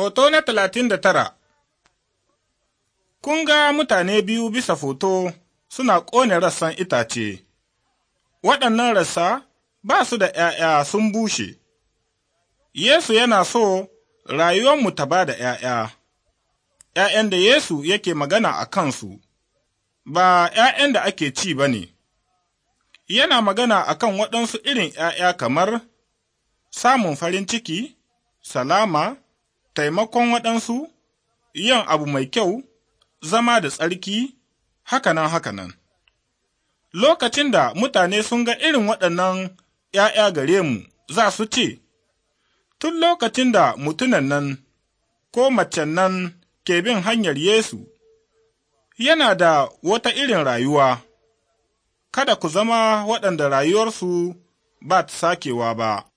Hoto na talatin da tara Kun ga mutane biyu bisa foto suna ƙone rassan itace, waɗannan rassa ba su da ’ya'ya sun bushe, Yesu yana so mu ta ba da ’ya'ya, ’ya'yan da Yesu yake magana a kansu, ba ’ya'yan da ake ci ba ne, yana magana a kan waɗansu irin ’ya'ya kamar samun farin ciki, salama, taimakon waɗansu, yin abu mai kyau, zama da tsarki, hakanan hakanan. Lokacin da mutane sun ga irin waɗannan ’ya'ya gare mu, za su ce, Tun lokacin da mutunan nan ko macen nan ke bin hanyar Yesu, yana da wata irin rayuwa, kada ku zama waɗanda rayuwarsu ba ta sakewa ba.